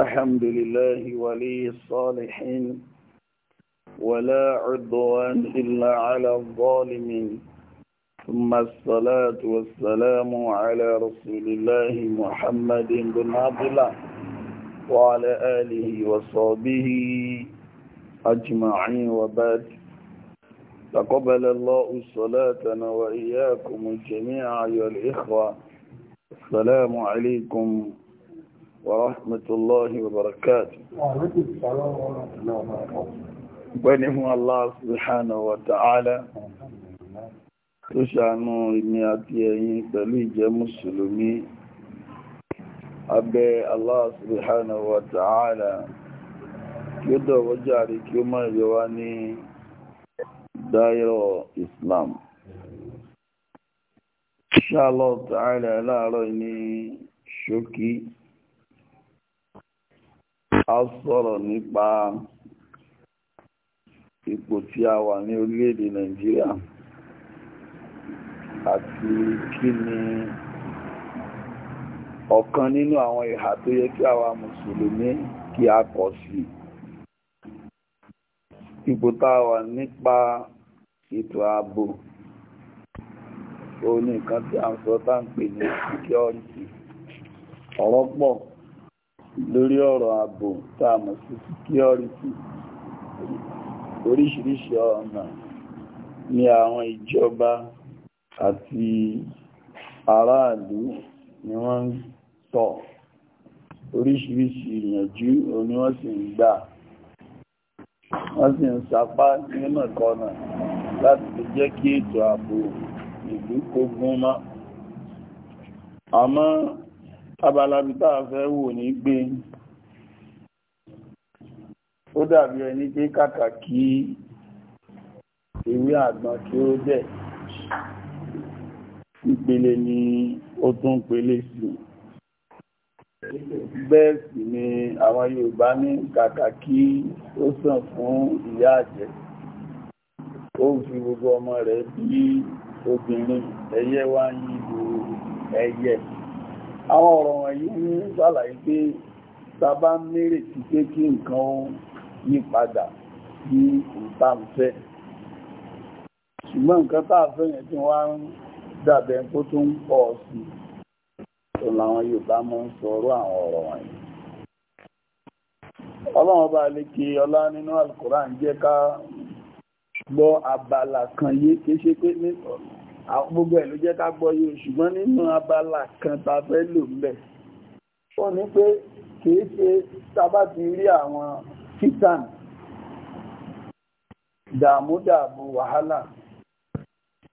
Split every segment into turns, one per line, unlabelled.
الحمد لله ولي الصالحين ولا عدوان إلا على الظالمين ثم الصلاة والسلام على رسول الله محمد بن عبد الله وعلى آله وصحبه أجمعين وبعد تقبل الله صلاتنا وإياكم جميعا أيها الإخوة السلام عليكم ورحمة الله وبركاته بنهم الله سبحانه وتعالى tó ṣàánú ìmí àti ẹ̀yin pẹ̀lú ìjẹ́ mùsùlùmí abẹ́ Allah subhanahu wa ta'ala kí ó dọ̀wọ́ jàrí kí ó máa yọ wá ní dáírọ̀ Islam insha Allah ta'ala láàárọ̀ ní ṣókí a sọ̀rọ̀ nípa ipò tí a wà ní orílẹ̀-èdè Nàìjíríà àti kí ni ọ̀kan nínú àwọn ìhà tó yẹ kí àwa mùsùlùmí kí a kọ̀ sí ipò tá a wà nípa ètò ààbò ó ní nǹkan tí à ń sọ tá ń pè ní ọ̀rọ̀ pọ̀ lórí ọ̀rọ̀ ààbò tá a mọ̀ sí síkíọ́rítì oríṣiríṣi ọ̀nà ni àwọn ìjọba àti aráàlú ni wọ́n ń tọ̀ oríṣiríṣi ìyànjú òní wọ́n sì ń gbà wọ́n sì ń sapá nínàkọ́nà láti lè jẹ́ kí ètò ààbò ìlú kó gún mọ́ abalabi tá a fẹ́ wò ní gbé ó dàbí ẹni pé kàkà kí ewé àgbọn kí ó dẹ̀ ìpele ni ó tún pele sí bẹ́ẹ̀ sì ni àwọn Yorùbá ní kàkà kí ó sàn fún ìyá àjẹ́ ó fi gbogbo ọmọ rẹ̀ bí obìnrin ẹyẹ wá ń yí ìlú ẹyẹ àwọn ọ̀rọ̀ wọ̀nyí ń ṣàlàyé pé sábà ń mérètí pé kí nǹkan ó yí padà bí ìta ń fẹ́ ṣùgbọ́n nǹkan tá a fẹ́ yẹn tí wọ́n ń dàbẹ̀ kó tó ń pọ̀ sí i tó làwọn Yorùbá máa ń sọ̀rọ̀ àwọn ọ̀rọ̀ wọ̀nyí ọlọ́run ọba àlekè ọlá nínú Al-Qur'an ń jẹ́ ká gbọ́ abala kan yé kéṣe pé ní gbogbo ẹ̀ ló jẹ́ ká gbọ́ yóò ṣùgbọ́n nínú abala kan ta fẹ́ lò ń bẹ̀ ó ní pé kìí ṣe sábà ti rí àwọn fitan dààmúdààbò wàhálà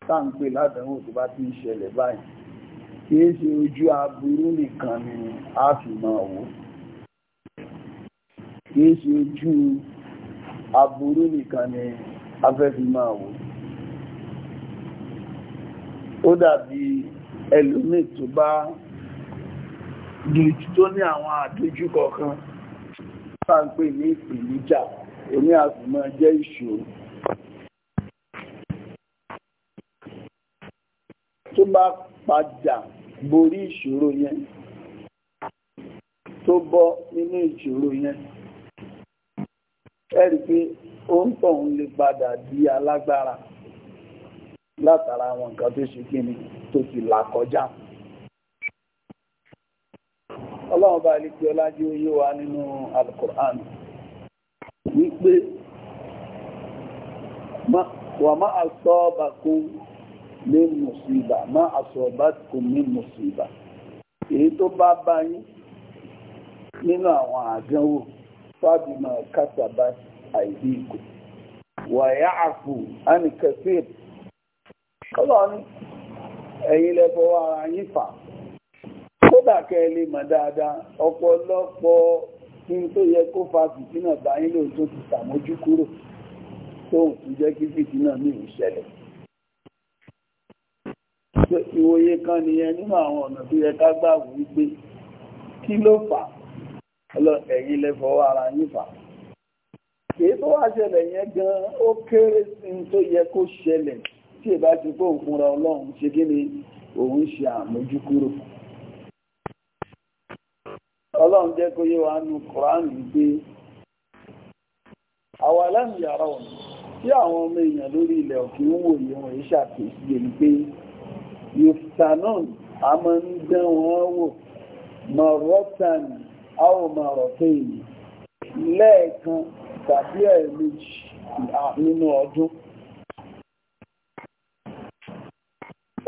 táǹpé ládàáwò tó bá ti ń ṣẹlẹ̀ báyìí kìí ṣe ojú aburú nìkan ni a fi máa wò kìí ṣe ojú aburú nìkan ni a fẹ́ fi máa wò ó dàbí ẹlòmíì tó bá gíríjì tó ní àwọn àdójúkọ kan bá ń pè ní ìpèníjà oní àfihàn jẹ́ ìṣòro tó bá padà borí ìṣòro yẹn tó bọ́ nínú ìṣòro yẹn ẹ̀rí pé ó ń tọ̀hún lè padà di alágbára látara àwọn nǹkan tó ṣe kí ni tó ti là kọjá ọlọ́run bá lè pe ọlájú oyé wa nínú alukur'an wípé wà má asabakum min musiba má asabakum min musiba èyí tó bá bá yín nínú àwọn àdánwò fábìmọ̀ kásábà àìdíkù wà ya'fu an kaseer ọlọ́ni ẹ̀yin lẹ́bọ̀ ara yín fà kódà kẹ́ lè dáadáa ọ̀pọ̀lọpọ̀ kí n tó yẹ kó fa náà bá yín lóòótọ́ ti sàmójú kúrò tóun tún jẹ́ kí fìtínà mi ò ṣẹlẹ̀ ìwòye kan nìyẹn nínú àwọn ọ̀nà tó yẹ ká gbà wípé kí ló fà ẹ̀yin lẹ́fọ̀ọ́ ara yín fà kìí tó wá ṣẹlẹ̀ yẹn gan-an ó kéré sí tó yẹ kó ṣẹlẹ̀ tí ìbá ti pé òun fúnra ọlọ́run ṣe kí ni òun ṣe àmójúkúrò ọlọ́run jẹ́ kó yé wa nu kùránì gbé àwọn alámìyàrá ọ̀nà tí àwọn ọmọ èèyàn lórí ilẹ̀ òkè ń wòye wọn èyí ṣàkíyèsí èyí pé yòftanon a máa ń dán wọn wò mọ̀rọ́tàn àwọn mọ̀rọ̀tàn èyí lẹ́ẹ̀kan tàbí ẹ̀ẹ̀mejì nínú ọdún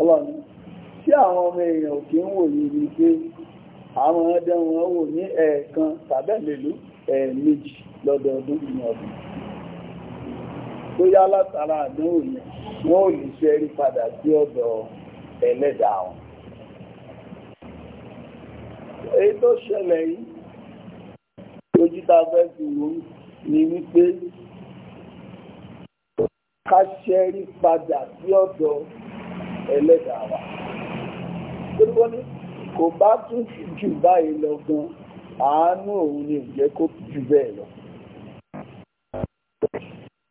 ọlọ́run tí àwọn ọmọ èèyàn òkè ń wò ní ibi pé àwọn ọdẹ wọn wò ní ẹ̀ẹ̀kan tàbẹ́lẹ̀lú ẹ̀ẹ̀mejì lọ́dọọdún ní ọdún tó yá látara àdánwò yẹn wọ́n ò lè ṣe rí padà sí ọ̀dọ̀ ẹlẹ́dàá wọn èyí tó ṣẹlẹ̀ yìí ojú tá a fẹ́ fi wò ni wípé ká ṣẹ́rí padà sí ọ̀dọ̀ ẹlẹ́dàá wa gbogbo ní kò bá tún jù báyìí lọ gan àánú òun ni ò jẹ́ kó jù bẹ́ẹ̀ lọ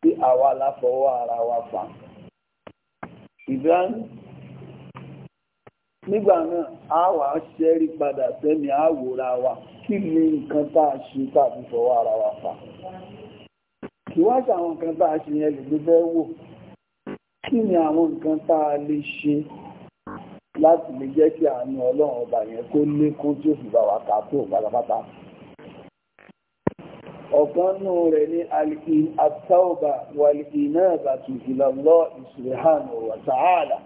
bí àwa la ara wa fà Ibrahim nígbà náà a wà ṣẹ́rí padà sẹ́mi àwòrà wa kí ni nǹkan tá a ṣe tàbí fọwọ́ ara wa fà kí wá ṣàwọn nǹkan tá a ṣe yẹn lè gbé fẹ́ wò kí ni àwọn nǹkan tá a lè ṣe láti lè jẹ́ kí àánú ọlọ́run ọba yẹn kó lékún tí ó fi bá wa ká tó pátápátá ọ̀kan nù rẹ̀ ní alikin atauba walikina batu ilallah subhanahu wa ta'ala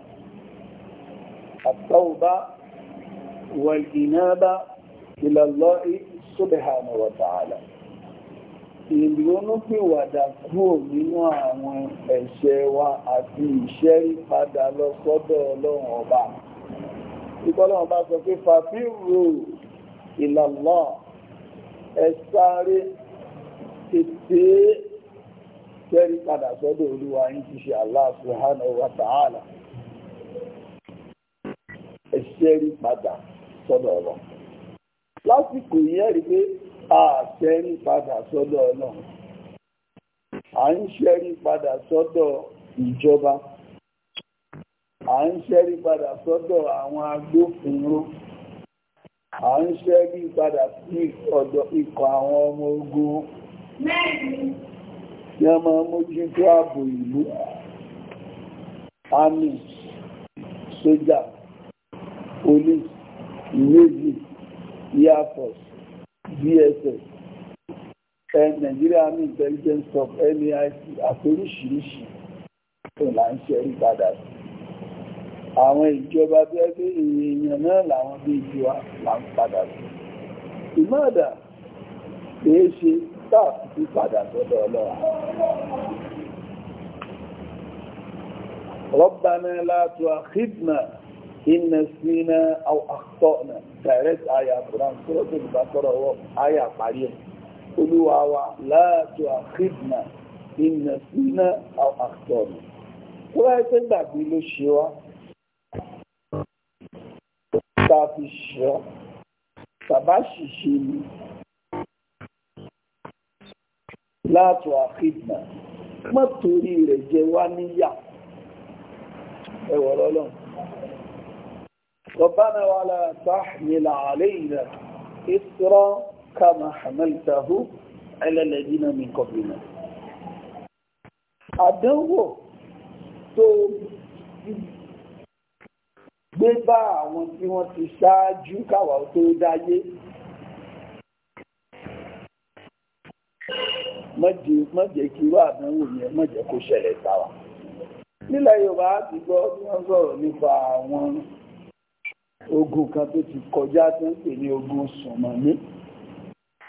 atauba walikina batu ilallah subhanahu wa ta'ala. ìrónúpìwàdà kúrò nínú àwọn ẹ̀ṣẹ̀ wa àti ìṣẹ́rí padà lọ sọ́dọ̀ ọlọ́run ọba. Ìkọ́lọ́run ọba sọ pé fàfíìrò ìlàlọ́ ẹ tètè padà sọ́dọ̀ olúwa ti ṣe Allah wa sọ́dọ̀ ọlọ́run. Lásìkò àṣẹ́rí padà sọ́dọ̀ ọlọ́run à ń ṣẹ́rí padà sọ́dọ̀ ìjọba à ń ṣẹ́rí padà sọ́dọ̀ àwọn agbófinró à ń ṣẹ́rí padà sí ọ̀dọ̀ ikọ̀ àwọn ọmọ ogun ní ọmọ mójútó ààbò ìlú àmì sójà police navy air force dss eh, Nigeria Army Intelligence Corps NAIC àti oríṣiríṣi tó là ń ṣe rí padà sí àwọn ìjọba tó ẹ pé èèyàn náà làwọn bí ju wa là ń padà sí ìmọ̀ọ́dà kìí ṣe táàpù tí padà sọ́dọ̀ ọlọ́run ربنا لا تؤاخذنا inna sina aw akhtana direct aya quran sura al-baqara wa aya pari olúwa wa la tu'akhidna inna sina aw akhtana tó bá ṣe gbàgbé ló ṣe wá tá a fi ṣe ọ bàbá ṣìṣe ni la tu'akhidna má rẹ̀ jẹ wá níyà ẹwọ lọ́lọ́run ربنا ولا تحمل علينا إسرا كما حملته على الذين من قبلنا àdánwò tó gbé bá àwọn tí wọ́n ti ṣáájú káwà tó dáyé mọ́jẹ̀ kí irú àdánwò yẹn mọ́jẹ̀ kó ṣẹlẹ̀ sáwà nílẹ̀ Yorùbá ti gbọ́ tí wọ́n sọ̀rọ̀ nípa àwọn ogun kan tó ti kọjá tó ń pè ní ogun sùnmọ̀mí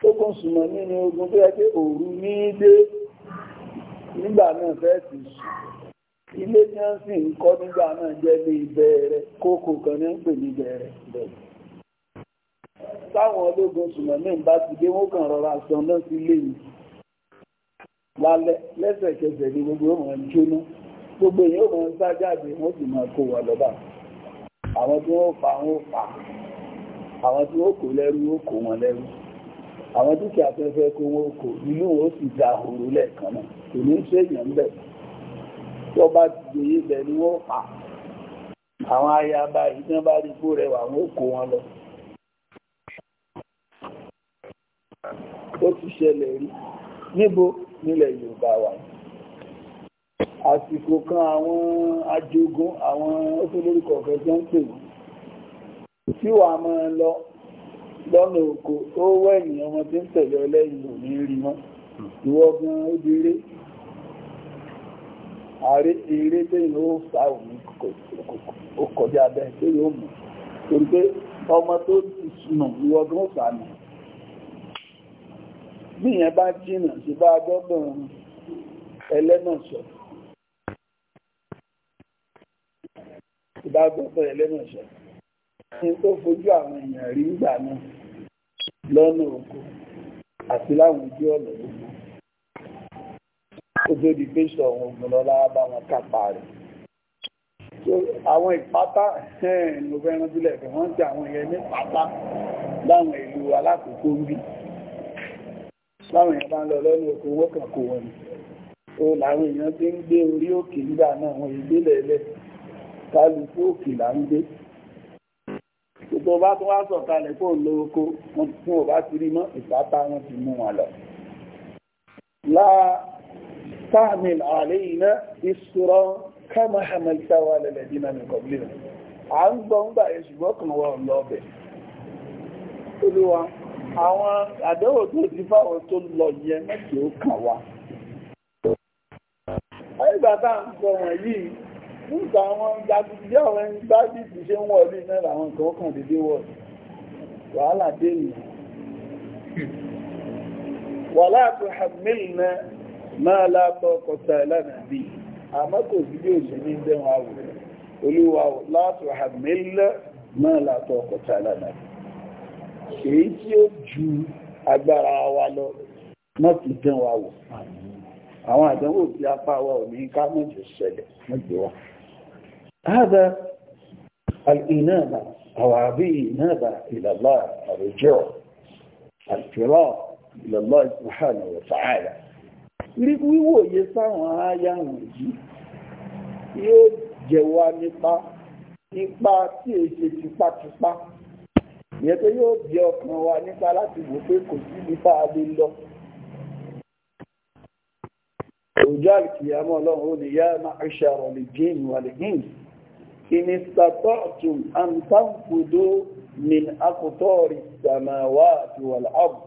ogun sùnmọ̀mí ni ogun tó yẹ pé òru ní dé nígbà náà fẹ́ ti sùn ilé tí wọ́n sì ń kọ́ nígbà náà jẹ́ ní ìbẹ̀rẹ̀ kókó kan ní ń pè ní ìbẹ̀rẹ̀ bẹ̀rẹ̀ táwọn ológun sùnmọ̀mí bá ti dé wọ́n kàn rọra sàn náà sí ilé yìí lálẹ́ lẹ́sẹ̀kẹsẹ̀ ni gbogbo ọmọ jóná gbogbo èèyàn ò sá jáde wọ́n sì máa kó wa lọ́ba àwọn tí wọ́n pa wọ́n pa àwọn tí wọ́n kò lẹ́rú ó kò wọn lẹ́rú àwọn dúkìá tó fẹ́ kó wọn kò inú ó sì da òru lẹ́ẹ̀kan náà kò ní ṣe èèyàn bẹ̀ tó bá gbèyé bẹ̀ ni wọ́n pa àwọn ayaba yìí tí bá rí kó rẹwà wọ́n kó wọn lọ. ó ti ṣẹlẹ̀ rí níbo nílẹ̀ Yorùbá wà yìí àsìkò kan àwọn ajogun àwọn ókèlórúkọ ọ̀fẹ́ tó ń pè tí wà máa lọ lọ́nà oko ó wọ́ ènìyàn wọn tí ń tẹ̀lé ọlẹ́yìn òní rí mọ́ ìwọ gan ó di eré ààrẹ eré tẹ́yìn ó fà òní ó kọjá abẹ́ tẹ́yìn ó mú torí pé ọmọ tó ti sùnà ìwọ gan ó fà mí bí ìyẹn bá jìnnà sí bá gbọ́dọ̀ ẹlẹ́nà sọ̀rọ̀ bá gbọ́tọ̀ ẹlẹ́mọ̀ṣọ́ ní tó fojú àwọn èèyàn rí ìgbà náà lọ́nà oko àti láwọn ojú ọ̀nà gbogbo ó tó di pé sọ àwọn ogun lọ́lá bá wọn kápá rẹ̀ àwọn ìpátá ló fẹ́ rántí lẹ́ẹ̀kan wọ́n ti àwọn èèyàn ní pátá láwọn ìlú alákòókò ń bí láwọn èèyàn bá ń lọ lọ́nà oko wọ́n kàn kó wọn ni o làwọn èèyàn ti ń gbé orí òkè nígbà náà wọn ìgbélẹ̀ ẹlẹ́ẹ̀ kálukú òkè là ń gbé gbogbo bá tún wá sọ̀kalẹ̀ kó lo oko wọn tí wọn bá ti rí mọ́ ìpátá wọn ti mú wọn lọ. láà تعمل علينا إسرا كما حملت على الذين من قبلنا عن gbọ́ngbà ìṣùgbọ́kàn wa lọ́bẹ̀ olúwa àwọn àdẹ́wò tó ti fáwọn tó lọ yẹ mẹ́kì ó kàn wá ẹgbàtà ń sọ wọ̀nyí nígbà àwọn jagunjẹ́ àwọn ẹni sáàbìsì ṣe ń wọ̀lú iná làwọn kan kàn dédé wọ̀ wàhálà dé nìyí wàhálà tó hàmìlìnà máa látọ̀ kọta ìlànà bí àmọ́ kò sí bí òṣè ní ìdẹ́wọ̀n àwò olúwa látọ̀ hàmìlìnà máa látọ̀ kọta ìlànà bí èyí tí ó ju agbára wa lọ mọ́tì dẹ́wọ̀n àwọn àdánwò tí apá wa ò ní ká mọ́jọ ṣẹlẹ̀ mọ́jọ wa. هذا الإنابة أو هذه إنابة إلى الله الرجوع الفراق إلى الله سبحانه وتعالى يقول هو يسان وهايا ويجي يجوا نبا نبا تيجي تبا تبا يتو يو بيوك نوا نبا لا تبوكي كسي نبا بلو رجال كيامو لهو يا معشر الجن والإنس inistatọ́tùm àǹtàǹfùdó min akùtọ́rì sàmàwà àti wàl'áàbù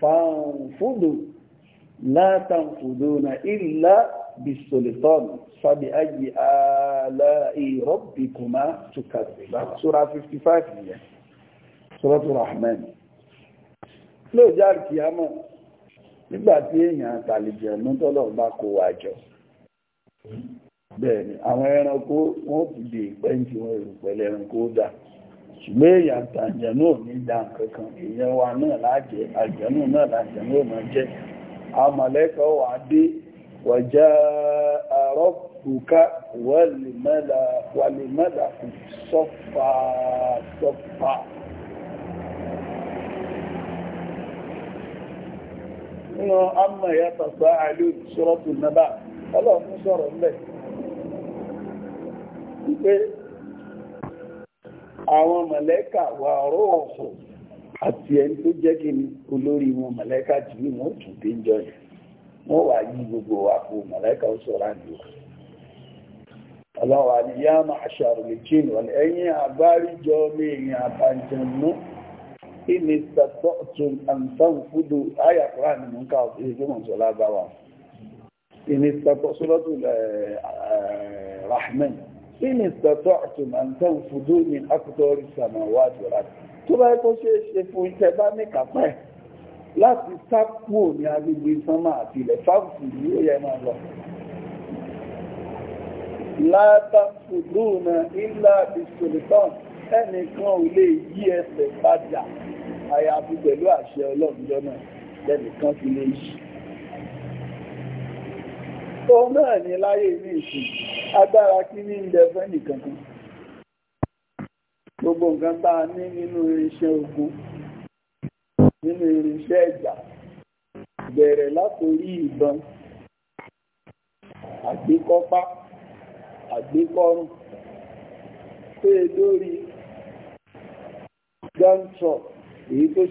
fàǹfùdó látàǹfùdó na ìlà bisolitọ́nù sábì ayé ààlà ìrọ́bìkùnmá tukàzìbá sura 55 nìyẹn suratu rahman ló jáàrì kìyàmọ̀ nígbàtí èèyàn àtàlìjẹ̀ mú tọ́lọ̀ bá kó wájọ bẹ́ẹ̀ni àwọn ẹranko wọ́n ti lè pẹ́ tí wọ́n èrò pẹ̀lú ẹranko dà ṣùgbọ́n èyàn àtàjẹ̀nú ò ní dá kankan èyàn wa náà láàjẹ́ àjẹ̀nú náà láàjẹ̀nú ò máa jẹ́ àmọ̀lẹ́kọ̀ wà dé wàjá àrọ́bùká wàlìmọ́là kù sọ́fà sọ́fà nínú àmọ̀ ìyàtọ̀ sọ́ àlú ìṣòro tó nàbà ọlọ́run sọ̀rọ̀ mẹ́rin wípé àwọn mọ̀lẹ́kà wà ọ̀rọ̀ ọ̀họ̀ àti ẹni tó jẹ́ kí ni olórí wọn mọ̀lẹ́kà jù ní wọ́n tún dé jọ yẹn wọ́n wà yí gbogbo wa kó mọ̀lẹ́kà ó sọ̀rọ̀ àjò ọlọ́wà ni yá máa ṣàròlè jíìn wọn ẹ̀yìn àgbáríjọ lè yìn àbájẹ̀nú ìní sàtọ́tún àǹtàn fúdù ayàkùrá ni mò ń ká òfin tí mò ń sọ lágbàwà ìní sàtọ́sọ́lọ́tún rahman ìní sọ̀tọ̀ àtùmọ̀ nǹkan òfudú ní akutọ́rí sàmọ̀wá àjọra tó bá kó ṣe é ṣe fún iṣẹ́ bá ní kápá ẹ̀ láti sá kúrò ní agbègbè sánmà àti ilẹ̀ fáwùsì ní ó yẹ máa lọ. látàfùdú na ilá bisolitán ẹnìkan ò lè yí ẹsẹ̀ padà àyàfi pẹ̀lú àṣẹ ọlọ́run jọ náà lẹ́nìkan fi lè yí. ó náà ní láyé ní ìsìn agbára kí ní ilẹ̀ fẹ́ nìkankan gbogbo nǹkan a ní nínú irinṣẹ́ ogun nínú irinṣẹ́ ẹ̀jà bẹ̀rẹ̀ látòrí ìbọn àgbékọ́pá àgbékọ́rùn pé lórí èyí tó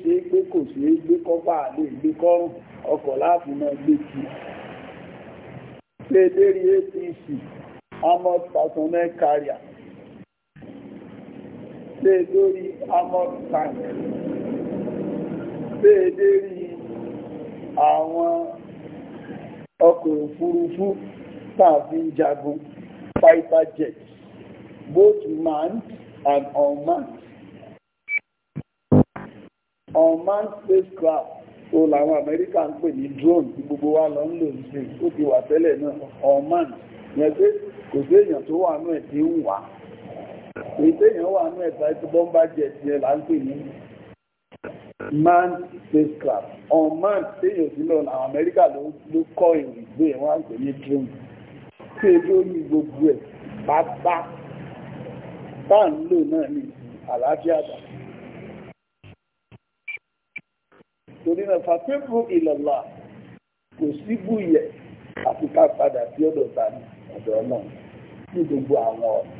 ṣe é pé kò ṣe é gbé kọ́pá àlè ọkọ̀ play lérí APC Amos personnel carrier play lórí armored tank play lérí àwọn ọkọ̀ òfurufú tàbí jagun fighter jets both manned and unmanned unmanned spacecraft tó làwọn American ń pè ní drone gbogbo wa lọ ń lò ní ó ti wà tẹ́lẹ̀ náà ọ̀man yẹn pé kò sí èèyàn tó wà nú ẹ̀ tí ń wà èyí téèyàn wà nú ẹ̀ta tí bọ́n bá jẹ ti ẹ̀ là ń pè ní man spacecraft ọ̀man téèyàn sí lọ làwọn Amẹ́ríkà ló kọ́ ìrìngbé ẹ̀ wọ́n á pè ní drone tí èdè ó gbogbo ẹ̀ pátá bá ń lò náà ní àlàáfíà dà. torí náà fàtẹ́fù ìlọ̀lá kò síbú yẹ àti ká padà sí ọ̀dọ̀ tani ọ̀dọ̀ náà ní gbogbo àwọn ọ̀nà.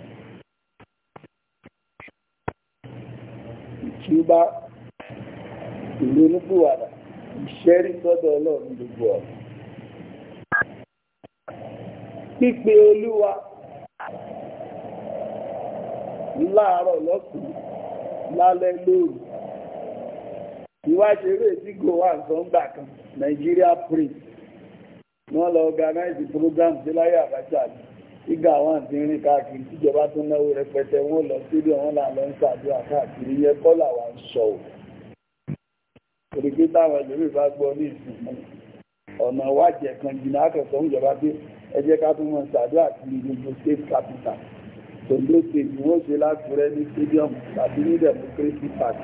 ìtúbá ìlónúkúwàdà ìṣẹ́rí sọ́dọ̀ ọlọ́run gbogbo ọ̀nà. pípe olúwa láàárọ̀ lọ́sùn lálẹ́ ìwáṣẹ eré tí gowa sọ́ngbà kan Nigeria Prince. wọ́n lọ organize program sí láyé Abacha ìgbà àwọn àti rìn káàkiri tíjọba tó náwó rẹpẹtẹ wọ́n lọ síbi wọ́n là lọ ń ṣàdúrà káàkiri yẹ kọ́là wà ń sọ ò òrìgbé táwọn ìlú bá gbọ́ ní ìsìnkú ọ̀nà wájẹ̀ kan jìnnà akẹ́kọ̀ọ́ ń jọba pé ẹ jẹ́ ká tún wọn ṣàdúrà kiri gbogbo state capital Ondo state ni wọ́n ṣe láti rẹ́ ní stadium tàbí ní democracy park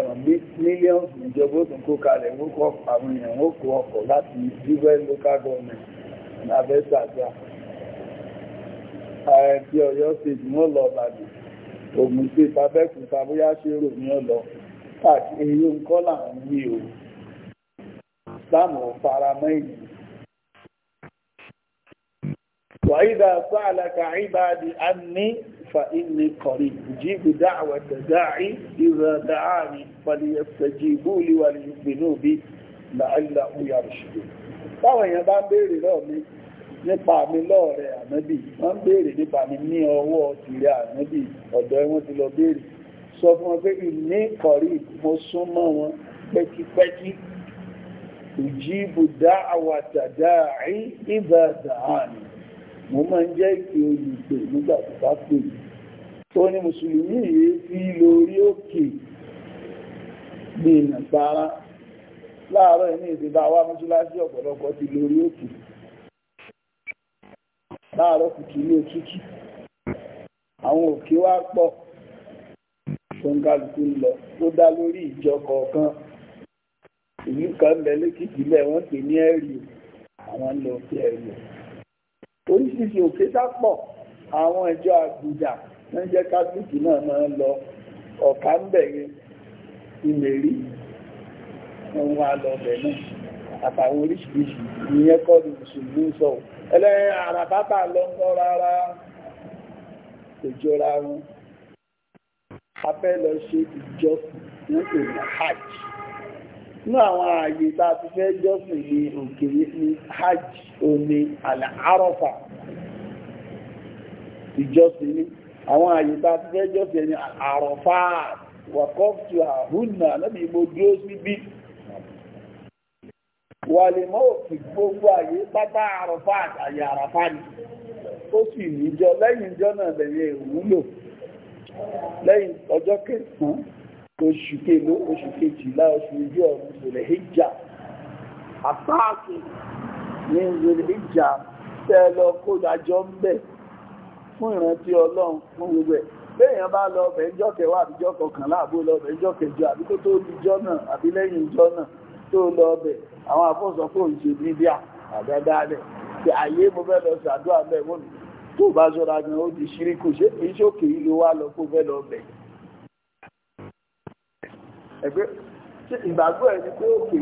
ẹ̀wọ̀n bí millions ìjọba ó tún kó kalẹ̀ wọ́n kó àwọn èèyàn wọ́n kó ọkọ̀ láti us local government abẹ́sà àjà ààrẹ ti ọ̀yọ́ state ní ọ̀lọ́ ọ̀bàdàn ògùn state abẹ́kúta bóyá ṣérò ní ọ̀lọ́ káàkiri èyí ń kọ́ là ń o sáàmù faramọ́ èyí wàhídà sáàlà kàíbàdì á ní فإني قريب أجيب دعوة داعي إذا دعاني فليستجيبوا لي وليؤمنوا بي لعلهم يرشدون táwọn èèyàn bá ń béèrè lọ́ọ̀ mi nípa mi lọ́ọ̀ rẹ̀ ànábì wọ́n ń béèrè nípa mi ní ọwọ́ tìrẹ ànábì ọ̀dọ̀ wọn ti lọ béèrè sọ fún wọn pé ìní kọ̀rí mo sún mọ́ wọn pẹ́kípẹ́kí أجيب دعوة داعي إذا دعاني mo máa ń jẹ́ ìpè olùgbè nígbà tó bá pè mí tó ní mùsùlùmí yìí fi lórí òkè gbìyànjú sára láàárọ̀ ẹni ìsinmi àwa mọ́ṣáláṣí ọ̀pọ̀lọpọ̀ ti lórí òkè láàárọ̀ kùtù ní òtútù àwọn òkè wá pọ̀ tó ń kálukú lọ ó dá lórí ìjọ kọ̀ọ̀kan ìlú kan bẹ lẹ́kìtì lẹ̀ wọ́n pè ní ẹ̀rì àwọn lọ sí ẹ̀rì oríṣiríṣi òfin sápọ̀ àwọn ìjọ àgùdà tó ń jẹ́ kátólíìkì náà máa ń lọ ọ̀ká ń bẹ̀rẹ̀ ìmẹ̀rí ohun alọ́bẹ̀ náà àtàwọn oríṣiríṣi ìyẹn kọ́ ní mùsùlùmí sọ ẹlẹ́yìn àràbábà lọ ń lọ rárá kò jọra wọn a fẹ́ lọ ṣe ìjọsìn ní ìrìn hajj ní àwọn ààyè a ti fẹ́ jọ́sìn ní òkè ní hajj omi ti ìjọsìn ní àwọn ààyè a ti fẹ́ jọ́sìn ní àrọ̀fà wàkọ́fù àhúnà lẹ́bí mo dúró síbí wà lè mọ́ òfin gbogbo ààyè pátá àrọ̀fà àyè àràfà ni ó sì níjọ lẹ́yìn ìjọ náà oṣù kéèló oṣù kejìlá oṣù ojú ọ̀run ìṣẹ̀lẹ̀ hijja àpáàkì ní ìṣẹ̀lẹ̀ hijja tẹ́ lọ kó dájọ́ ń bẹ̀ fún ìrántí ọlọ́run fún gbogbo ẹ̀ léèyàn bá lọ ọbẹ̀ ìjọ kẹwàá àbíjọ kọkànlá àbó lọ ọbẹ̀ ìjọ kẹjọ àbí kó tó dijọ́ náà àbí lẹ́yìn ìjọ náà tó lọ ọbẹ̀ àwọn ẹgbẹ́ ìgbàgbọ́ ẹni pé òkè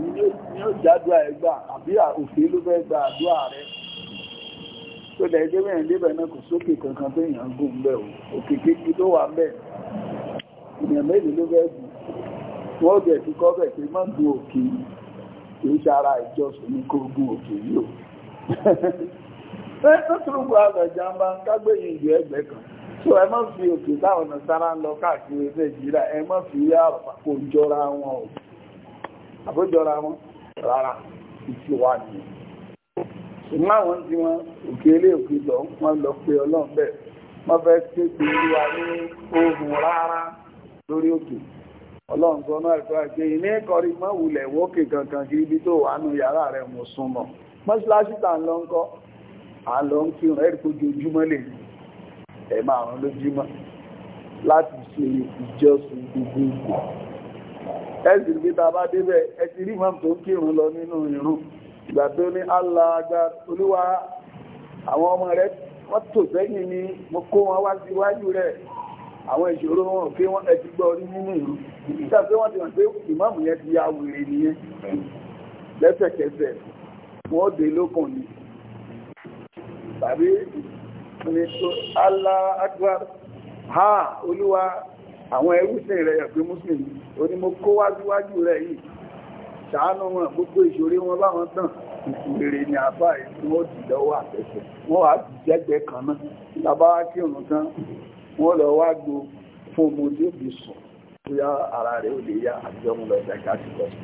ni ó jádùá ẹgbà àbí òkè ló fẹ́ gba àdúrà rẹ̀ tó lẹ́ ẹgbẹ́ mẹ́rin débẹ̀ náà kò sókè kankan tó èèyàn gùn bẹ́ẹ̀ o òkè kékeré tó wà bẹ́ẹ̀ èèyàn mélòó ló fẹ́ gùn wọ́n jẹ̀ ti bẹ̀ pé má gun òkè kìí ṣara ìjọsìn kó gun òkè yìí o. ṣé tó tún ìlú kan so ẹ má fi òkè táwọn ọ̀nà sára ń lọ káàkiri nàìjíríà ẹ má fi yá kò jọra wọn o àbójọra wọn rárá ìṣòwò àti ìmọ̀ àwọn tí wọ́n òkè ilé òkè lọ wọ́n lọ pé ọlọ́run bẹ́ẹ̀ wọ́n fẹ́ kéde olúwa ní ohun rárá lórí òkè ọlọ́run sọ náà ẹ̀kọ́ àti ìní ìkọrí mọ́ wulẹ̀ wókè kankan kí ibi tó wà nù yàrá rẹ̀ mọ̀ súnmọ́ mọ́ṣíláṣí tà ń lọ ń kọ́ à ń lọ ń kírun ẹ̀rí kojú ojúmọ́ lè ní ẹ̀ márùn-ún lójúmọ́ láti ṣe ìjọsìn gbogbogbò ẹ̀sìn bí ta bá débẹ̀ ẹ ti rí mọ́m tó ń kírun lọ nínú ìrun ìgbà tó ní alága olúwa àwọn ọmọ rẹ̀ wọ́n tò sẹ́yìn ni mo kó wọn wá sí iwájú rẹ̀ àwọn ìṣòro wọn pé wọ́n ẹ ti gbọ́ orí nínú ìrun nígbà pé wọ́n ti hàn pé ìmáàmù yẹn ti ya wèrè nìyẹn lẹ́sẹ̀kẹsẹ̀ wọ́n dé lókàn ni tàbí Allah Akbar ha olúwa àwọn ẹrúsìn rẹ̀ ẹ̀gbẹ́ muslim onímọ̀ kó wájúwájú rẹ̀ yìí ṣàánú wọn gbogbo ìṣòrí wọn báwọn tàn ìfìrèrè ni àbá ìsìn ó ti lọ́wọ́ àtẹ̀sẹ̀ wọ́n wá ti jẹ́gbẹ́ kan náà tàbá kí òun tán wọ́n lọ wá gbo fún ọmọ tí ó fi sùn bóyá ara rẹ̀ ó lè yá àti ọmọ lọ ìdájá sí lọ sí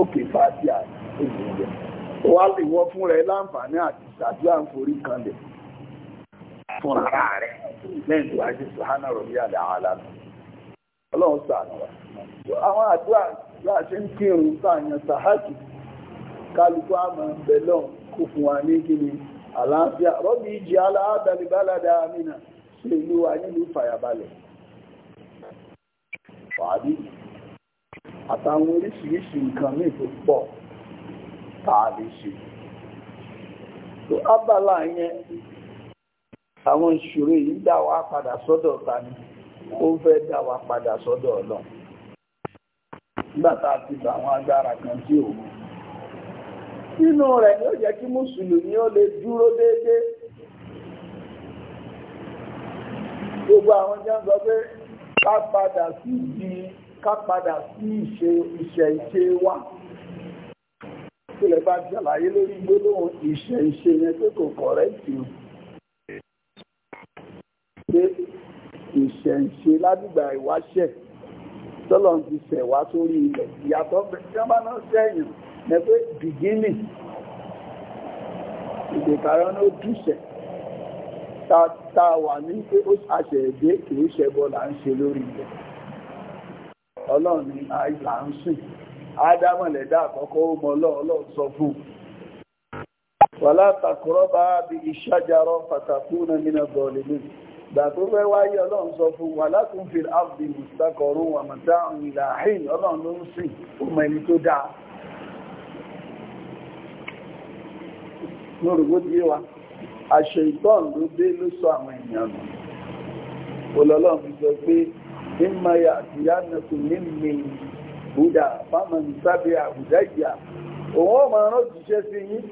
òkè fásíà ó lè yẹ wá lè wọ́ fún rẹ̀ láǹfààní àti ìṣàdúrà ń kan fún ara rẹ̀ lẹ́yìn tó wáyé rọ̀bí àdá ọlọ́run sàánà wa àwọn àdúrà bá ń kírun sáàyàn sàhákì kálukú àmọ́ bẹ̀lọ́ kò fún wa ní kíni àlàáfíà rọ́bì ìjì aláàbẹ̀lẹ̀bẹ̀lẹ̀dà àmìnà ṣe ìlú wa nílùú fàyàbalẹ̀ fàábí àtàwọn oríṣiríṣi nǹkan míì tààrí ṣe tó abala yẹn àwọn ìṣòro yìí dá wa padà sọ́dọ̀ ta ni ó fẹ́ dá wa padà sọ́dọ̀ lọ. nígbà ti bá agbára kan tí ò mú nínú rẹ̀ ni ó jẹ́ kí mùsùlùmí ó lè dúró déédéé gbogbo àwọn jẹ́ ń sọ pé ká padà sí ìdí ká padà wa. ìpìlẹ̀ bá ṣàlàyé lórí gbólóhùn ìṣe ìṣe yẹn pé kò kọ̀rẹ́tì pé ìṣe ìṣe ládùgbà ìwáṣẹ̀ tọ́lọ̀ ti ṣẹ̀ wá sórí ilẹ̀ ìyàtọ̀ jẹ́mánà sẹ́yìn ní pé bìgínì ìdèkàrọ́ ní ó dùṣẹ̀ ta wà ní pé ó ṣàṣẹ̀dé kìí ṣẹbọ là ń ṣe lórí ilẹ̀ ọlọ́run ni àìlà ń sìn Adamu lẹ̀dá àkọ́kọ́ ó mọ ọlọ́run sọ fún wàlá tàkùrọ́bà bí ìṣájarọ́ pàtàkù náà nínú bọ̀ọ̀lẹ́lẹ́ gbà tó fẹ́ wáyé ọlọ́run sọ fún wàlá tún fi ábùdí mùsàkọ̀rún wà mọ̀tá ìlà àhìn ọlọ́run ló ń sìn ó ẹni tó dáa lórúkú tí wá àṣẹ ìtọ́n ló dé ló sọ àwọn èèyàn nù olọ́lọ́run sọ pé ní húdà fámọ̀nì sábẹ́ àbùdá ìyà òun ọmọ ọ̀rán òjíṣẹ́ sí yín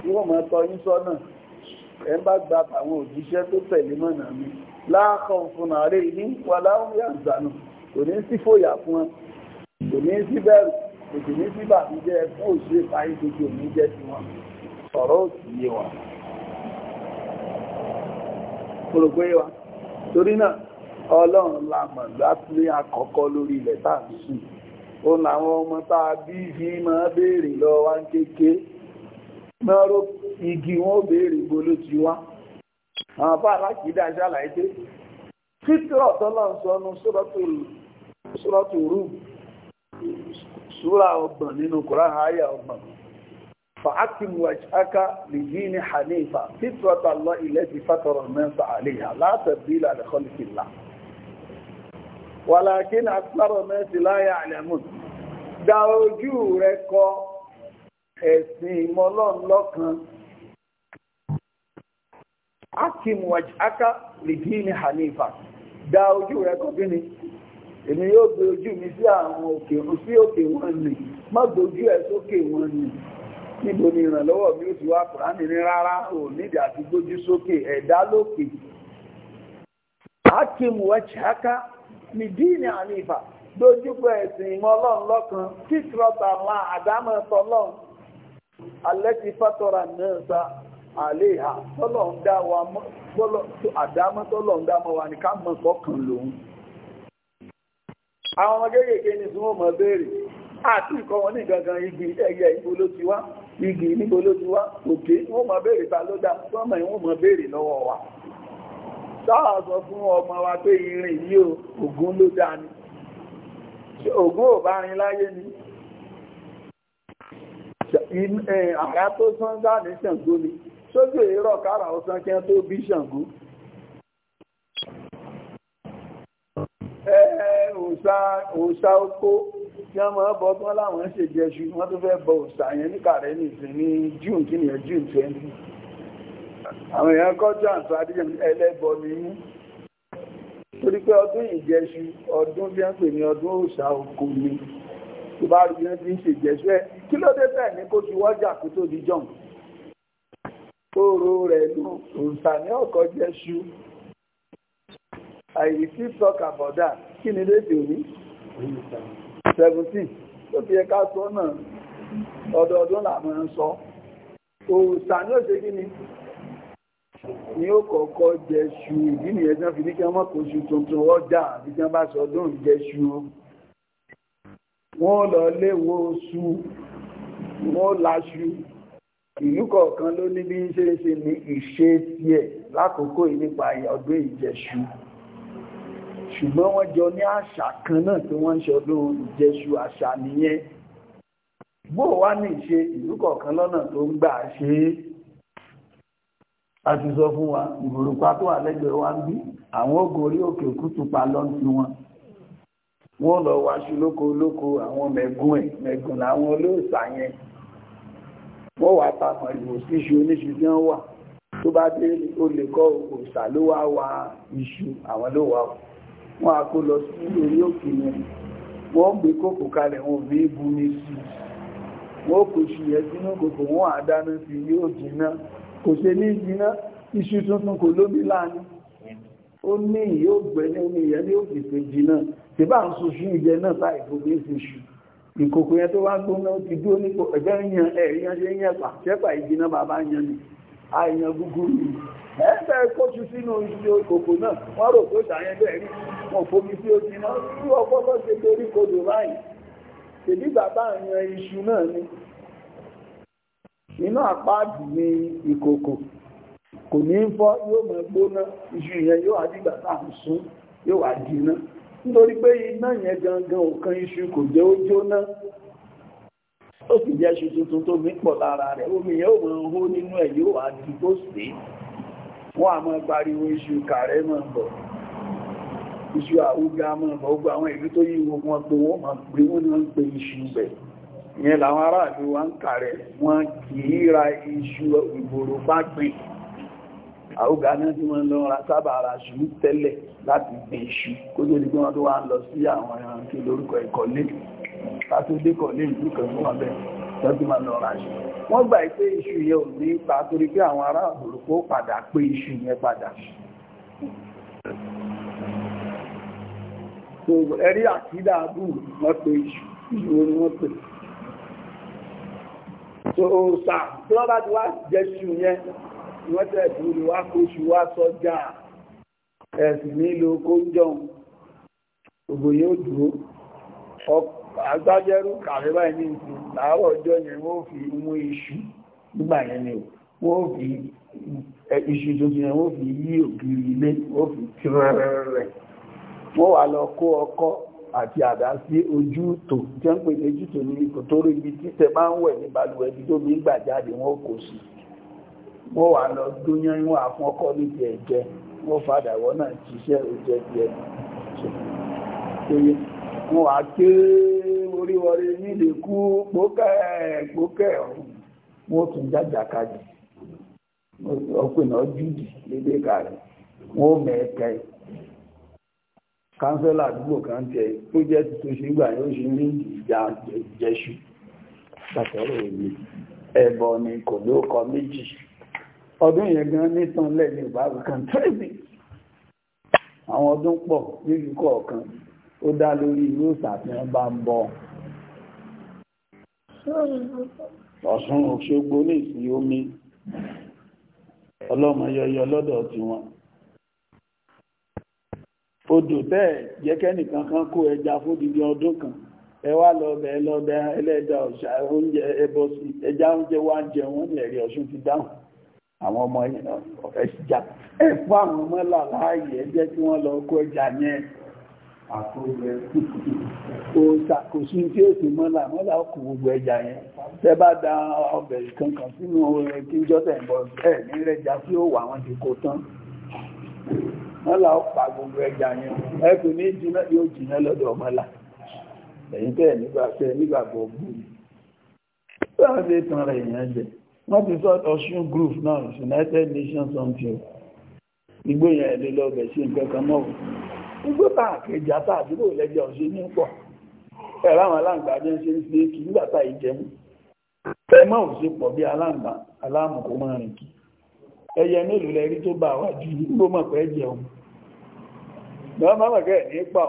tí wọ́n mọ̀ tọ́ yín sọ́nà ẹ ń bá gba àwọn òjíṣẹ́ tó tẹ̀lé mọ̀nà mi láàkọ̀ fún ààrẹ ní wàláhùn yàǹzánù kò ní sí fòyà fún wọn kò ní sí bẹ̀rù kò sì ní sí bàbíjẹ́ fún òṣèré parí gbogbo òní jẹ́ sí wọn ọ̀rọ̀ òsì yé wọn. Kúrògbé wa torí náà ọlọ́run la mọ̀ láti àkọ́kọ́ lórí ilẹ̀ tá à ń sùn ó làwọn ọmọ tá a bí fi máa béèrè lọ wá ń kéke mọ́rọ́ igi wọn ó béèrè gbolo ti wá àwọn bá alákìídá ṣàlàyé pé fítrọ̀ tọ́lá ń sọ nu sọ́rọ́tù rúù súra ọgbọ̀n nínú kùrán àyà ọgbọ̀n fa'akim wajhaka lidini hanifa fitrata Allah ilẹ̀ ti fatọrọ mẹ́ta àlèyà la tabdila li khalqillah wàlákín àtúbàbọ̀ mẹ́sì láyà àlẹ́mùn dá ojú rẹ kọ ẹ̀sìn ìmọ̀lọ́nlọ́kan akim wajaka lidini hanifa dá ojú ni èmi yóò gbé ojú mi sí àwọn òkè sí òkè wọn ni má gbójú ẹ sókè wọn ni níbo ni ìrànlọ́wọ́ mi ti wá kùránì ní rárá àti gbójú sókè nìdíìnì àníbà dojúkọ ẹ̀sìn ìmọ̀ ọlọ́run lọ́kan tí trọ́tà ńlá àdámọ̀ tọlọ́run àléhà dá wa dá wa ní àwọn ọmọ kéékèèké ni tí wọ́n béèrè àti wọn ní gangan igi ẹyẹ ibo ló ti igi níbo ló ti wá òkè ta ló dá sáà sọ fún ọmọ wa pé irin yìí o ògún ló dáa ni ògún ò bá rin láyé ni àrá tó sán dáàdé ṣàngó ni sójú èrò kára ọ̀sán kí wọ́n tó bí ṣàngó òòṣà oko tí wọ́n máa bọ́ tí wọ́n láwọn ṣèjẹ́ṣu wọ́n tó fẹ́ bọ òòṣà yẹn ní kàrẹ́ nìsín ní June kí nìyẹn June 20 àwọn èèyàn kọjú àǹtọ́ adíjẹ́ ẹlẹ́bọ ni mú torí pé ọdún ìjẹṣu ọdún bí wọ́n pè ní ọdún òòṣà oko ni tó bá rí wọ́n ti ń ṣe ìjẹṣu ẹ̀ kí ló dé bẹ́ẹ̀ ni kó ti wọ́jà kó tó di jọ̀hún oòrò rẹ̀ ló òòṣà ní ọ̀kọ́ jẹ́ṣu I still talk about that kí ni déètì òní seventeen tó fi ẹ̀ka sọ náà ọdọọdún làwọn ń sọ òòṣà ní òṣèkí ni ni ó kọ́kọ́ jẹṣu ìdí nìyẹn tí wọ́n fi ní kí wọ́n mọ̀ kó ṣu tuntun ọjà àbí tí wọ́n bá sọ ọdún ìjẹṣu wọ́n lọ léwo su wọ́n laṣu ìlú kọ̀ọ̀kan ló ní bí ń ṣe ṣe ní ìṣe tiẹ̀ lákòókò yìí nípa ọdún ìjẹṣu ṣùgbọ́n wọ́n jọ ní àṣà kan náà tí wọ́n ń ṣe ọdún ìjẹṣu àṣà nìyẹn bó wá ní ìṣe ìlú kọ̀ọ̀kan lọ́nà tó ń gbà ṣe é a ti sọ fún wa ìbòròpá tó wà lẹ́gbẹ̀ẹ́ wa ń bí àwọn ògòrí òkè òkútù pa lọ́ntí wọn wọ́n lọ wáṣú lóko lóko àwọn mẹ̀gún ẹ̀ mẹ̀gún làwọn olóòsà yẹn wọ́n wà pa àwọn ìwò síṣu oníṣu tí wọ́n wà tó bá dé olè kọ́ òòsà ló wá wa iṣu àwọn ló wà wọ́n á kó lọ sí orí òkè yẹn wọ́n gbé kòkò kalẹ̀ wọn ò ní bu ní sí wọ́n kò ṣìyẹ́ sínú kòkò wọ́n àdáná sí yóò jiná kò ṣe ní ìjìnà iṣu tuntun kò lómi láàrin ó ní ìyó gbẹ̀ ní omi ìyẹ́ ní òfìfè jìnà tí bá ń soṣù ìjẹ náà bá ìfòfin sí ṣù ìkòkò yẹn tó wá gbóná ti dúró nípò ẹgbẹ́ yan ẹ̀yàn ṣe yẹn pà ṣẹ́pà ìjìnà bàbá yan ni àìyàn gúgúrú ẹ̀ẹ́fẹ́ kóṣù sínú iṣu ìkòkò náà wọ́n rò pé ṣàyẹn bẹ́ẹ̀ rí wọn fomi sí oṣù náà tí ọkọ́ bọ́ ṣe torí kodò báyìí tèbí bàbá yan iṣu náà ni nínú àpáàdì ní ìkòkò kò ní fọ́ yóò mọ̀ gbóná iṣu yẹn yóò àdìgbà táà ń sún yóò wà dínà nítorí pé iná yẹn gangan òkan iṣu kò jẹ́ ó jóná ó sì jẹ́ iṣu tuntun tó mí pọ̀ lára rẹ̀ omi yẹn ò mọ̀ ń hó nínú ẹ̀ yóò wà di tó sì wọ́n àmọ́ pariwo iṣu kàrẹ́ mọ̀ bọ̀ iṣu àwùjọ àmọ́ bọ̀ gbogbo àwọn ìlú tó yí wọn pé wọ́n máa pè wọ́n náà ń pe iṣu bẹ̀rẹ̀ ìyẹn làwọn aráàlú wa ń kààrẹ̀ wọn kì í ra iṣu ìgboro fápin àwùgá náà tí wọ́n lọ ra sábà ara ṣù tẹ́lẹ̀ láti gbìn iṣu kó tó di pé wọ́n tó wá ń lọ sí àwọn ẹran kí lórúkọ ìkọ̀lé sátúndé kọ̀lé ìlú kan fún wọn bẹ́ẹ̀ tọ́jú máa lọ ra ṣù wọ́n gbà pé iṣu yẹn ò ní ipa torí pé àwọn ará òrùkó padà pé iṣu yẹn padà ẹ̀rí àkídà abúrú wọ́n pé iṣu ìṣòro ni wọ́n pè tó òòsà tí wọ́n bá ti wá jẹ́ṣù yẹn ni wọ́n tẹ̀ tó lè wá kóṣù wá sọ́jà ẹ̀sìn nílò kóńjọ́n gbogbo yóò dúró agbájẹ́rú kàrí báyìí ní ìsìn láàárọ̀ ọjọ́ yẹn wọ́n fi mú iṣu nígbà yẹn ni wọ́n fi iṣu tuntun yẹn wọ́n fi yí ògiri ilé wọ́n fi tìrẹ̀rẹ̀ wọ́n wà lọ kó ọkọ́ àti àdá sí ojú tò tí wọ́n pè ní ojú tò ní ipò tó rí ibi títẹ̀ máa ń wẹ̀ ní balùwẹ̀ ibi tó mi gbà jáde wọn kò sí wọ́n wà lọ dúnyán wọn àfún ọkọ se ẹ̀jẹ̀ wọ́n fàdà wọ́n náà ṣiṣẹ́ òjẹ́ tiẹ̀ wọ́n wà ké oríwọrí nílé kú pókẹ́ pókẹ́ wọ́n tún jájà kájì náà kánsẹ́lá àdúgbò kan tẹ pọ́jẹ́tì tó ṣe gbà yóò ṣe ní ìjà jẹ́ṣù pàtàkì èmi ẹ̀bọ ni kò ló kọ méjì ọdún yẹn gan nítan lẹ́yìn ìbáwí kan tẹ́lẹ̀ àwọn ọdún pọ̀ nílùú kọ̀ọ̀kan ó dá lórí irú ìsàfihàn bá ń bọ Ọ̀ṣun Òṣogbo ní ìsìn omi ọlọ́mọ yọyọ lọ́dọ̀ tiwọn odò tẹ́ jẹ́kẹ́ nìkan kan kó ẹja fún dídí ọdún kan ẹ wá lọ́bẹ̀ lọ́bẹ̀ ẹlẹ́dà ọ̀ṣà oúnjẹ ẹbọ sí ẹja oúnjẹ wá ń jẹ wọ́n ní ẹ̀rí ọ̀ṣun ti dáhùn àwọn ọmọ ẹja ẹ fún àwọn ọmọ làláàyè ẹ jẹ́ kí wọ́n lọ kó ẹja yẹn òṣàkóso tí ó sì mọ́là mọ́là ọkù gbogbo ẹja yẹn tẹ́ bá da ọbẹ̀ kankan sínú ẹkíjọ́tẹ̀ ìbọn ẹ̀ ní rẹja tí ó wà wọ́n ti kó tán mọ́là ó pa gbogbo ẹja yẹn ẹkùn ní jiná yóò jiná lọ́dọ̀ mọ́là ẹ̀yìn tẹ́ nígbà tẹ́ nígbàgbọ́ bú mi báwọn ṣe tan rẹ̀ èèyàn jẹ wọ́n ti sọ ọ̀ṣun group náà united nations something igbó yẹn lè lọ bẹ̀ sí nǹkan kan náà igbó tá àkẹjà tá àdúgbò lẹ́jọ́ ọ̀ṣun ní pọ̀ ẹ̀rọ àwọn aláǹgbá jẹ́ ń ṣe ń ṣe kì nígbà tá ìjẹun ẹ má ò ṣe pọ̀ bí aláǹgbá aláàmù kò máa ẹyẹ mélòó lẹ́rí tó bá wà jù ló mọ̀ pẹ́ jẹun lọ́wọ́ máa kẹ́ẹ̀ nípa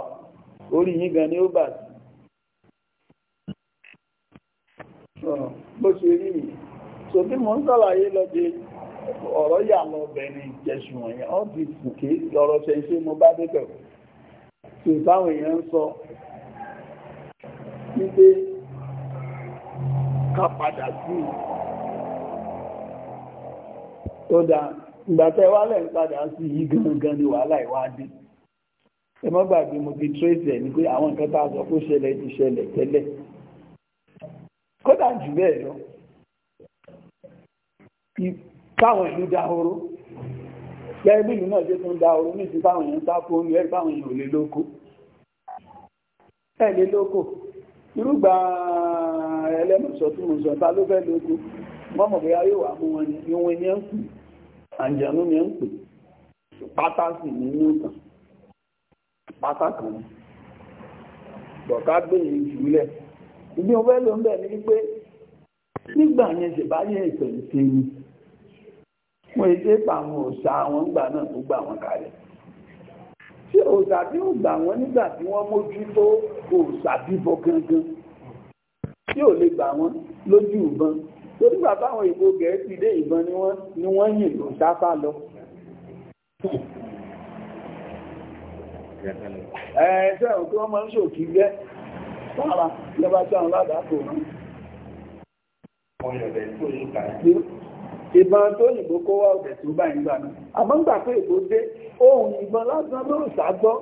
orí yín gan ni ó rí so bí mo ń sọ́láyé lọ́dẹ ọ̀rọ̀ yà lọ bẹ̀rẹ̀ jẹ̀ṣù wọ̀nyẹn ọ́ ti lọ́rọ̀ ṣe ṣe mo bá dé tó dáa ìgbàtẹ́ wálẹ̀ ń padà sí yí gangan ni wàhálà ìwádìí ẹ má gbàgbé mo ti trace ẹ̀ ní pé àwọn nǹkan tá a sọ pé ṣẹlẹ̀ ti kódà jù bẹ́ẹ̀ lọ káwọn ìlú dahoro bí ìlú náà ṣe tún dahoro ní ìsìn èèyàn èèyàn ò lè lóko ẹ lè lóko irúgbà ló lóko àjẹ̀nú ni ń pè pátá sì nínú ìtàn pátá kan bọ̀ká gbé ìjúlẹ̀ ibi òun fẹ́ ló ń bẹ̀ ní pé nígbà yẹn ṣèbáyé ìtẹ̀lẹ́sẹ̀ ni wọ́n èdè pàwọn òòṣà àwọn ìgbà náà tó gbà wọn kalẹ̀ ṣé òòṣà tí ó gbà wọn nígbà tí wọ́n mójútó òòṣà bíbọ gangan tí ò lè gbà wọn lójú ìbọn torí bàbá àwọn ìbò gẹ̀ẹ́sì dé ìbọn ni wọ́n yìn lò sáfà lọ ẹ̀ẹ́sẹ̀ ò tí wọ́n máa ń ṣòkí gẹ́ sára lọ́bá tí àwọn ládàákò ìbọn tó yìnbó kó wá ọ̀bẹ̀ tó bá ìgbà náà àmọ́ ń gbà pé èkó dé ohun ìbọn lásán ló sàgbọ́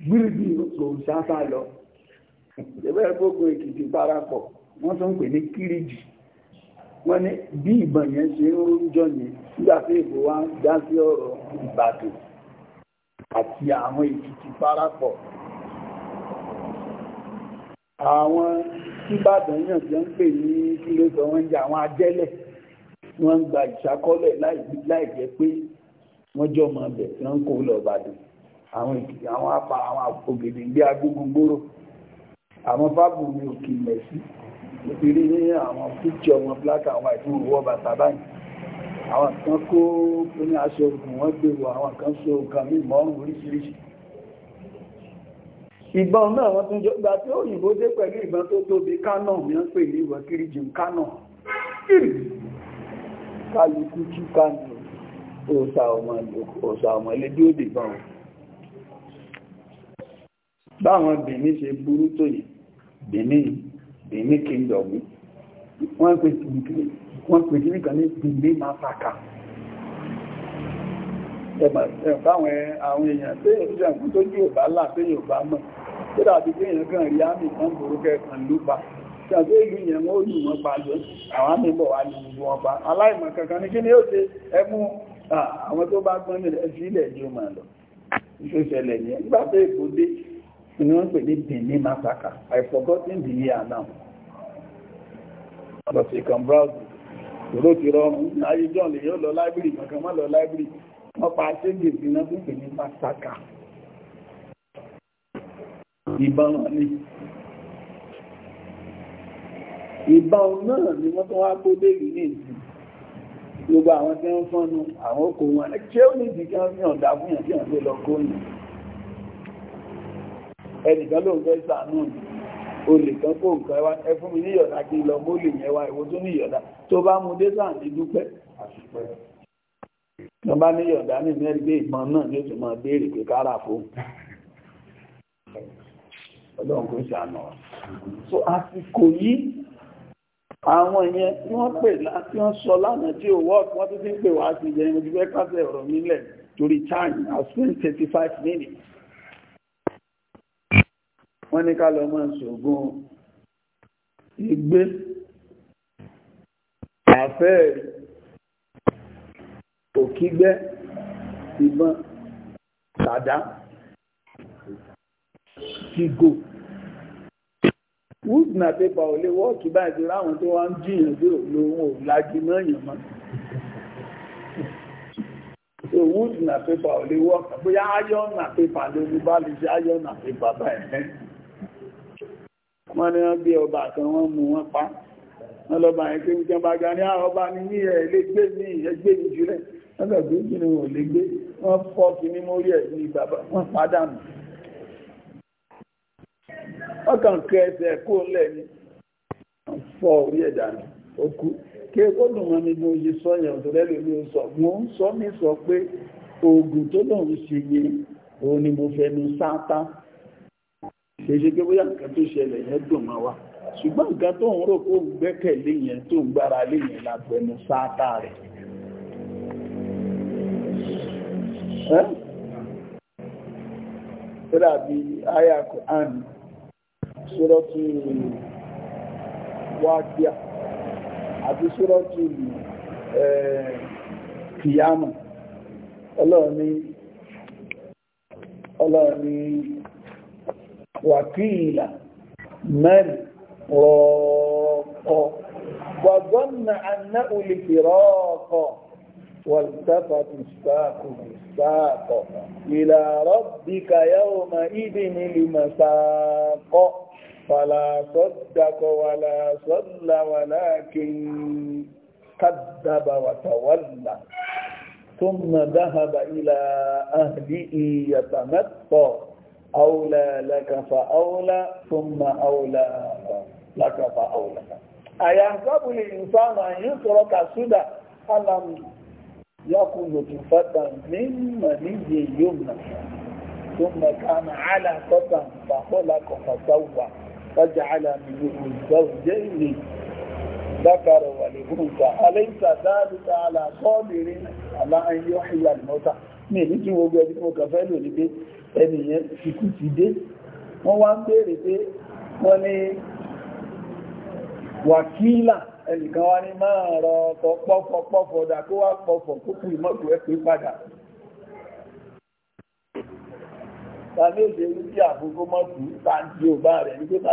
gbírígbì kò sáfà lọ ẹgbẹ́ gbogbo Èkìtì parapọ̀ wọ́n tó ń pè ní kíríjì wọ́n ní bí ìbọn yẹn ṣe ń rúnjọ ní nígbàtí èbò wá ń dá sí ọ̀rọ̀ ìbàdàn àti àwọn èkìtì parapọ̀ àwọn ìbàdàn yàn tí wọ́n ń pè ní kílódọ̀ wọ́n ń jẹ àwọn ajẹ́lẹ̀ wọ́n ń gba ìṣàkọ́lẹ̀ láì jẹ́ pé wọ́n jọ máa bẹ̀ tí wọ́n ń kó lọ ìbàdàn àwọn èkìtì àwọn apá àwọn ògèdè ń gbé agbógun gbòòrò àwọn fábùnmi òkè mẹ́sì mo ti rí ní àwọn píkṣọ wọn black and white wọn wọ bàtà báyìí àwọn kan kó ní aṣọ ògùn wọn gbèrò àwọn kan so nǹkan mí mọ́rùn oríṣiríṣi ìbọn náà wọ́n tún jọ gbà tí òyìnbó dé pẹ̀lú ìbọn tó tóbi kánọ̀ mi ń pè ní ìwọ̀ kiri jù kánọ̀ kálukú tú kánọ̀ òsà ọmọ ilé bí ó báwọn Benin ṣe burú tó yìí Benin the new kingdom wọ́n pè kí ní kan ní gbìmí máa fàkà ẹ̀báwọn àwọn èèyàn tí èyàn jẹ́ ọ̀pọ̀ tó jí òbá láà tí èyàn bá mọ̀ tó dàbí tí èyàn kan rí ámì kan bòrò kẹ́ẹ̀kan ló pa tí àti ìlú yẹn wọ́n lù wọ́n pa lọ àwọn ámì bọ̀ wá ní gbogbo wọn pa aláìmọ̀ kankan ní kí ni ó ṣe ẹmú àwọn tó bá gbọ́n nílẹ̀ sí ilẹ̀ yóò máa lọ ìṣòṣẹlẹ̀ yẹn nígbà tó èkó dé ni wọ́n pè ní Benin massacre I forgotten the year now lọ sí kan browse ìró ti rọrùn ayé john lè yóò lọ library kankan má lọ library wọ́n pa ṣéǹgì ìsinmi tó pè massacre ìbọn ni ìbọn náà ni wọ́n tó wá kó dé ìlú ní ìsìn gbogbo àwọn tí wọ́n fọ́nù àwọn okòwò ẹ̀ ṣé ó ní ìdí fún yàn kí wọ́n lọ kó yàn ẹnìkan ló ń fẹ́ sàánú ni olè kó nǹkan wá ẹ mi ní kí lọ mólè yẹn wá ìwọ tó ní tó bá mu dé sàn ní dúpẹ́ tó bá ní ní mẹ́rin ìmọ̀ náà ní oṣù máa béèrè pé kára fóun ọlọ́run kò ṣàánà so àsìkò yìí àwọn ìyẹn tí wọ́n pè láti wọ́n sọ lánàá tí ò wọ́ọ̀kì wọ́n tún ti ń pè wá sí ìjẹun ojú fẹ́ kásẹ̀ ọ̀rọ̀ nílẹ̀ torí time I spent thirty five minutes wọ́n ní ká lọ mọ́ ṣògùn igbé àfẹ́ẹ̀rí òkígbẹ́ ìbọn tàdá kígò wood na paper ò lè wọ́ọ̀kì báyìí tí ráwọn tó wá ń jìyàn bí òun ò lájú mọ́yàn mọ́ so wood na paper ò lè wọ́ọ̀kì bóyá iron na paper lórí bá lè ṣe iron na paper báyìí wọ́n ní wọ́n gbé ọba kan wọ́n mú wọn pa wọ́n lọ́ba yẹn pé nǹkan bá ga ní ah, ọba ní ní ẹ̀ lè gbé ní ẹgbẹ́ mi jùlẹ̀ wọ́n lọ gbé jù ní wọn lè gbé wọ́n fọ́ kí ní mórí ẹ̀ ní bàbá wọ́n padà nù. wọ́n kàn kẹ ẹsẹ̀ kó lẹ̀ ní wọ́n fọ́ orí ẹ̀ dànù ó kú kí ó dùn mọ́ mi ní oye sọ yẹn òtò lẹ́lẹ̀ mi ò kìí ṣe pé bóyá nǹkan tó ṣẹlẹ̀ yẹn dùn mọ́ wa ṣùgbọ́n nǹkan tó ń rò kó gbẹ́kẹ̀lé yẹn tó ń gbára lé yẹn lágbẹnu sáátà rẹ̀ bí Aya وقيل من راق وظن أنه لفراق والتفت الساق بالساق إلى ربك يومئذ المساق فلا صدق ولا صلى ولكن كذب وتولى ثم ذهب إلى أهله يتمطى أولى لك فأولى ثم أولى لك فأولى أيحسب الإنسان أن يترك سدى ألم يكن نطفة من مني يمنى ثم كان على فتى فخلق فسوى فجعل من الزوجين ذكر والأنثى أليس ذلك على قادر على أن يحيي الموتى من يجي وجدك وكفاله ẹnìyàn fikú ti dé wọ́n wá ń béèrè pé wọ́n ní wàkílà ẹnìkan wá ní máa rọ ọkọ̀ pọ́fọ̀pọ́fọ̀ dà kó wá pọ́fọ̀ kó kú ìmọ́kù ẹ pé padà ta ní èdè ní kí àkókò mọ́ kú ta ń di òbá rẹ̀ ní pé ta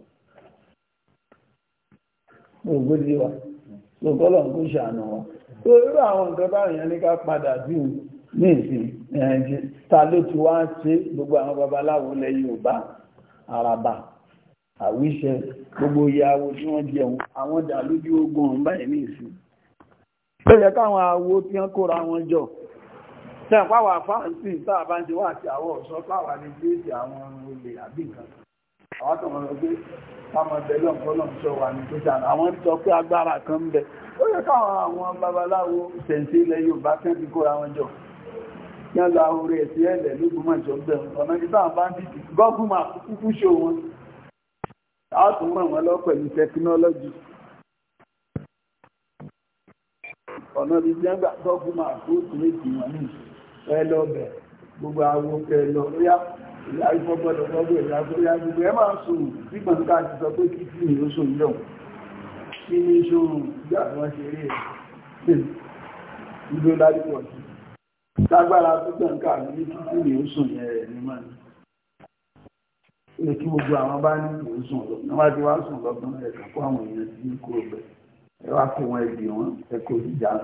ògbódé wa lọ́gọ́lọ̀ kó ṣàánà wa tó irú àwọn nǹkan báwọn èèyàn ní ká padà bí i ní ìsìn ẹ̀ẹ́jì ta ló ti wá ń ṣe gbogbo àwọn babaláwo lẹ Yorùbá Àràbà àwíṣẹ gbogbo ìyàwó tí wọ́n jẹun àwọn dà lójú ogun ọ̀hún báyìí ní ìsìn tó yẹ káwọn awo tí wọ́n kóra wọn jọ tẹ́ pàwọ̀ àfáàǹsì tá a bá ń ṣe wà sí àwọn ọ̀ṣọ́ pàwọ̀ àlejò èdè àwọn olè àbí nǹkan àwọn tó mọ̀ pé káàmọ̀ bẹ̀lọ̀ kọ́lọ̀ ń sọ wà ní pẹ́sà àwọn ń sọ pé agbára kan ń bẹ ó yẹ káwọn àwọn babaláwo tẹ̀sí ilẹ̀ Yorùbá kẹ́ ti kóra wọn jọ yán lọ ahoro ẹ̀sí ẹ̀lẹ̀ lógúnmọ̀ ìjọ bẹ̀rẹ̀ ọ̀nà ibi táwọn bá ń dìdì gọ́gùnmọ̀ àkúkú ṣe wọn àwọn wọn lọ pẹ̀lú tẹkinọ́lọ́jì ọ̀nà ibi ìyá ìfọ́gbọ́dọ̀ gbọ́gbọ́ ìyá ìyá gbogbo ẹ máa sùn nígbà tó káàkiri sọ pé kí tí ìlú sùn lọ kí ní ṣòro bí àwọn ṣe rí ẹ̀ ìlú ládùúgbò sí lágbára tó gbọ̀n káàkiri kí tí ìlú sùn yẹn rẹ̀ ní mọ́ ní kí gbogbo àwọn bá ní ìlú sùn lọ ní wá ti wá sùn lọ́gbọ́n ẹ̀ka